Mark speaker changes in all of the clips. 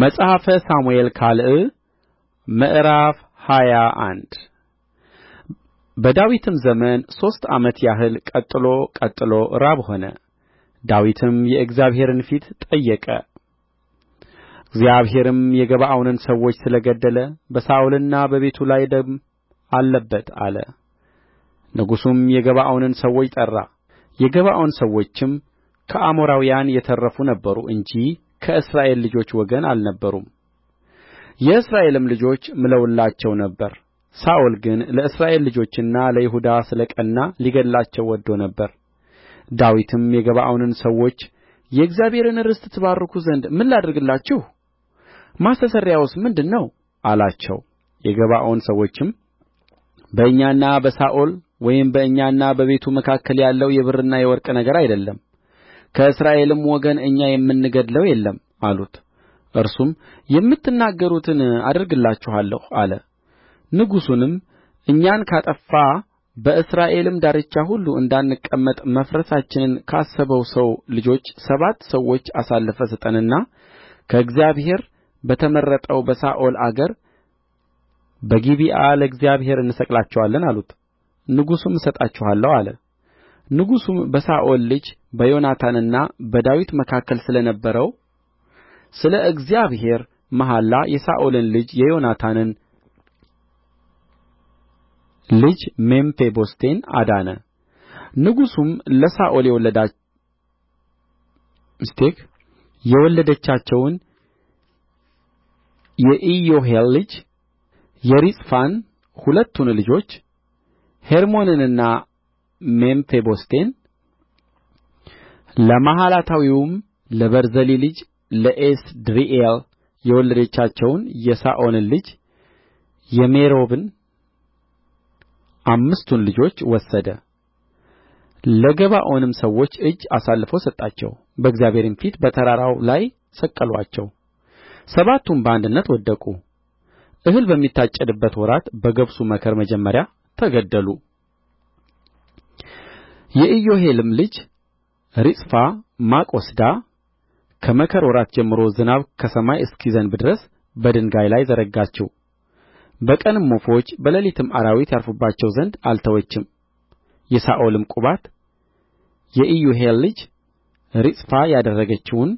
Speaker 1: መጽሐፈ ሳሙኤል ካል ምዕራፍ ሃያ አንድ በዳዊትም ዘመን ሦስት ዓመት ያህል ቀጥሎ ቀጥሎ ራብ ሆነ። ዳዊትም የእግዚአብሔርን ፊት ጠየቀ። እግዚአብሔርም የገባዖንን ሰዎች ስለ ገደለ በሳኦልና በቤቱ ላይ ደም አለበት አለ። ንጉሡም የገባዖንን ሰዎች ጠራ። የገባዖን ሰዎችም ከአሞራውያን የተረፉ ነበሩ እንጂ ከእስራኤል ልጆች ወገን አልነበሩም የእስራኤልም ልጆች ምለውላቸው ነበር ሳኦል ግን ለእስራኤል ልጆችና ለይሁዳ ስለ ቀና ሊገድላቸው ወድዶ ነበር ዳዊትም የገባዖንን ሰዎች የእግዚአብሔርን ርስት ትባርኩ ዘንድ ምን ላድርግላችሁ ማስተስረያውስ ምንድር ነው አላቸው የገባዖን ሰዎችም በእኛና በሳኦል ወይም በእኛና በቤቱ መካከል ያለው የብርና የወርቅ ነገር አይደለም ከእስራኤልም ወገን እኛ የምንገድለው የለም አሉት እርሱም የምትናገሩትን አደርግላችኋለሁ አለ ንጉሡንም እኛን ካጠፋ በእስራኤልም ዳርቻ ሁሉ እንዳንቀመጥ መፍረሳችንን ካሰበው ሰው ልጆች ሰባት ሰዎች አሳልፈህ ስጠንና ከእግዚአብሔር በተመረጠው በሳኦል አገር በጊብዓ ለእግዚአብሔር እንሰቅላቸዋለን አሉት ንጉሡም እሰጣችኋለሁ አለ ንጉሡም በሳኦል ልጅ በዮናታንና በዳዊት መካከል ስለ ነበረው ስለ እግዚአብሔር መሐላ የሳኦልን ልጅ የዮናታንን ልጅ ሜምፊቦስቴን አዳነ ንጉሡም ለሳኦል የወለደቻቸውን የኢዮሄል ልጅ የሪጽፋን ሁለቱን ልጆች ሄርሞንንና ሜምፊቦስቴን ለመሓላታዊውም ለቤርዜሊ ልጅ ለኤስድሪኤል የወለደቻቸውን የሳኦልን ልጅ የሜሮብን አምስቱን ልጆች ወሰደ ለገባዖንም ሰዎች እጅ አሳልፎ ሰጣቸው በእግዚአብሔርም ፊት በተራራው ላይ ሰቀሉአቸው ሰባቱም በአንድነት ወደቁ እህል በሚታጨድበት ወራት በገብሱ መከር መጀመሪያ ተገደሉ የኢዮሄልም ልጅ ሪጽፋ ማቅ ወስዳ ከመከር ወራት ጀምሮ ዝናብ ከሰማይ እስኪዘንብ ድረስ በድንጋይ ላይ ዘረጋችው በቀንም ወፎች በሌሊትም አራዊት ያርፉባቸው ዘንድ አልተወችም የሳኦልም ቁባት የኢዮሄል ልጅ ሪጽፋ ያደረገችውን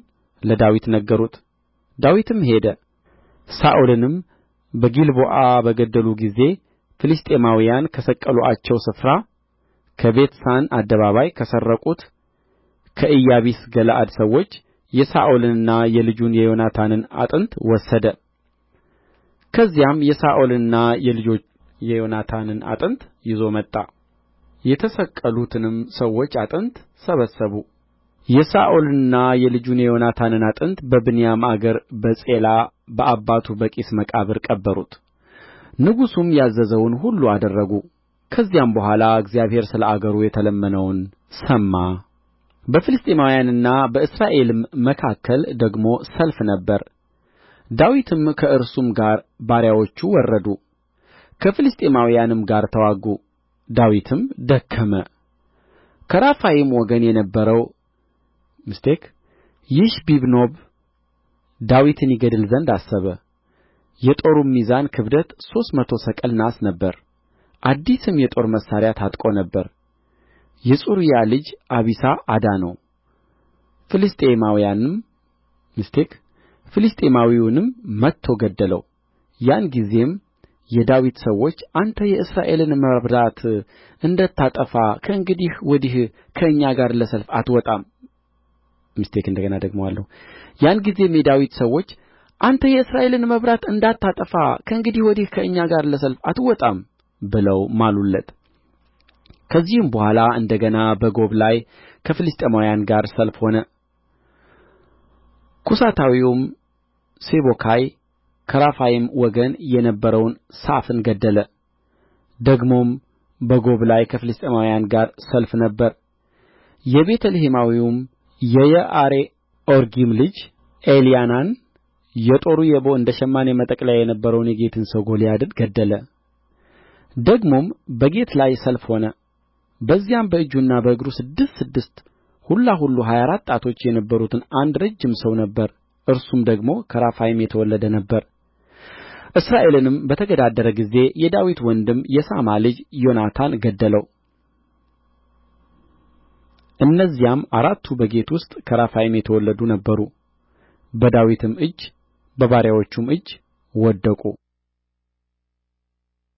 Speaker 1: ለዳዊት ነገሩት ዳዊትም ሄደ ሳኦልንም በጊልቦዓ በገደሉ ጊዜ ፍልስጥኤማውያን ከሰቀሉአቸው ስፍራ ከቤትሳን አደባባይ ከሰረቁት ከኢያቢስ ገለዓድ ሰዎች የሳኦልንና የልጁን የዮናታንን አጥንት ወሰደ ከዚያም የሳኦልንና የዮናታንን አጥንት ይዞ መጣ የተሰቀሉትንም ሰዎች አጥንት ሰበሰቡ የሳኦልንና የልጁን የዮናታንን አጥንት በብንያም አገር በጼላ በአባቱ በቂስ መቃብር ቀበሩት ንጉሡም ያዘዘውን ሁሉ አደረጉ ከዚያም በኋላ እግዚአብሔር ስለ አገሩ የተለመነውን ሰማ በፍልስጥኤማውያንና በእስራኤልም መካከል ደግሞ ሰልፍ ነበረ ዳዊትም ከእርሱም ጋር ባሪያዎቹ ወረዱ ከፍልስጥኤማውያንም ጋር ተዋጉ ዳዊትም ደከመ ከራፋይም ወገን የነበረው ይሽቢብኖብ ዳዊትን ይገድል ዘንድ አሰበ የጦሩም ሚዛን ክብደት ሦስት መቶ ሰቅል ናስ ነበረ አዲስም የጦር መሣሪያ ታጥቆ ነበር የጽሩያ ልጅ አቢሳ አዳነው ፍልስጥኤማዊውንም መትቶ ገደለው ያን ጊዜም የዳዊት ሰዎች አንተ የእስራኤልን መብራት እንዳታጠፋ ከእንግዲህ ወዲህ ከእኛ ጋር ለሰልፍ አትወጣም ያን ጊዜም የዳዊት ሰዎች አንተ የእስራኤልን መብራት እንዳታጠፋ ከእንግዲህ ወዲህ ከእኛ ጋር ለሰልፍ አትወጣም ብለው ማሉለት ከዚህም በኋላ እንደ ገና በጎብ ላይ ከፍልስጥኤማውያን ጋር ሰልፍ ሆነ ኩሳታዊውም ሴቦካይ ከራፋይም ወገን የነበረውን ሳፍን ገደለ ደግሞም በጎብ ላይ ከፍልስጥኤማውያን ጋር ሰልፍ ነበረ የቤተ ልሔማዊውም የየዓሬኦርጊም ልጅ ኤልያናን የጦሩ የቦ እንደ ሸማኔ መጠቅለያ የነበረውን የጌትን ሰው ጎልያድን ገደለ ደግሞም በጌት ላይ ሰልፍ ሆነ በዚያም በእጁና በእግሩ ስድስት ስድስት ሁላሁሉ ሀያ አራት ጣቶች የነበሩትን አንድ ረጅም ሰው ነበረ እርሱም ደግሞ ከራፋይም የተወለደ ነበረ እስራኤልንም በተገዳደረ ጊዜ የዳዊት ወንድም የሣማ ልጅ ዮናታን ገደለው እነዚያም አራቱ በጌት ውስጥ ከራፋይም የተወለዱ ነበሩ በዳዊትም እጅ በባሪያዎቹም እጅ ወደቁ